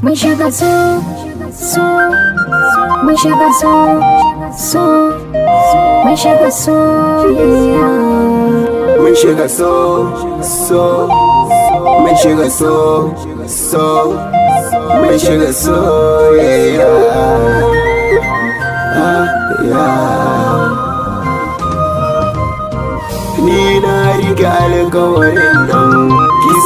Mun shiga so, so, mun shiga so, so, mun shiga so, mun shiga so, so, mun shiga so, so, mun shiga so, ah, Ni na riga alkawarin nan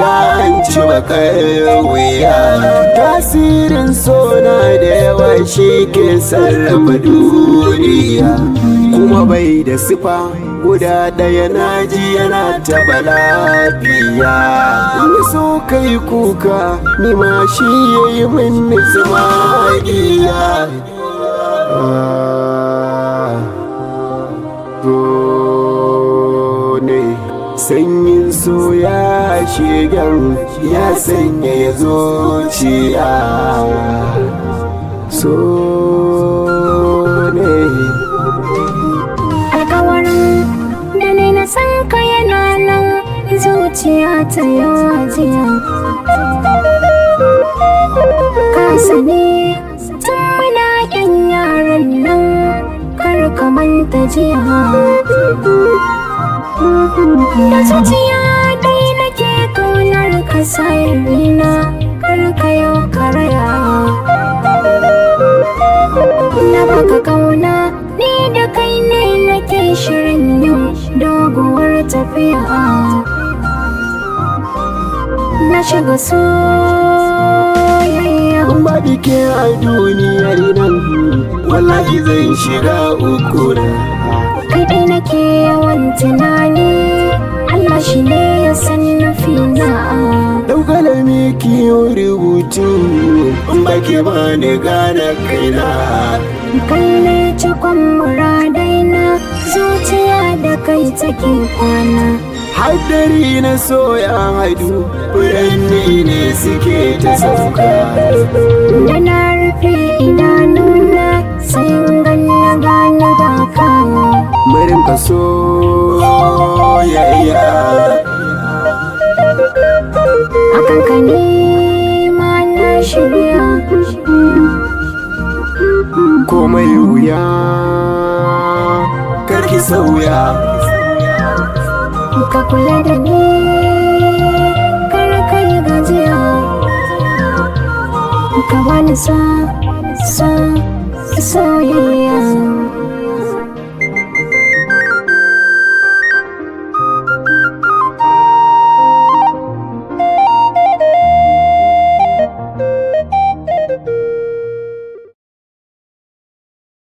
dan ciba kai wuya tasirin sona da yawa shi ke sarrafa duniya kuma bai da sifa guda ɗaya na ji yana taɓa lafiya Ni so kai kuka ni ma shi yi min nisma Oh sanyin so ya shigar ya sanya zuciya so ne alkawarin da ne na san ka yana nan zuciya ta yajiya ka sani tun muna yan yaran nan kar ka manta jiya Da zuciya dai nake kaunar ka sirrina kar ka yau karaya. Na baka kauna ni da kai ne nake shirin yin doguwar tafiya. Na shiga soyayya. Ban ba ke a duniyar nan, wallahi zan shiga ukura. kaɗai nake yawan tunani Allah shi ne ya san nufi na Daugalami kiyo rubutu in ba ni gane kaina Kalle cikon muradai na zuciya da kai take kwana Haddari na soya haidu furanni ne suke ta sauka Da na rufe idanuna akan ka ne ma na shirya komai wuya karki sauya ka kula da ni karka yi gajiya ka bani sa sa soyayya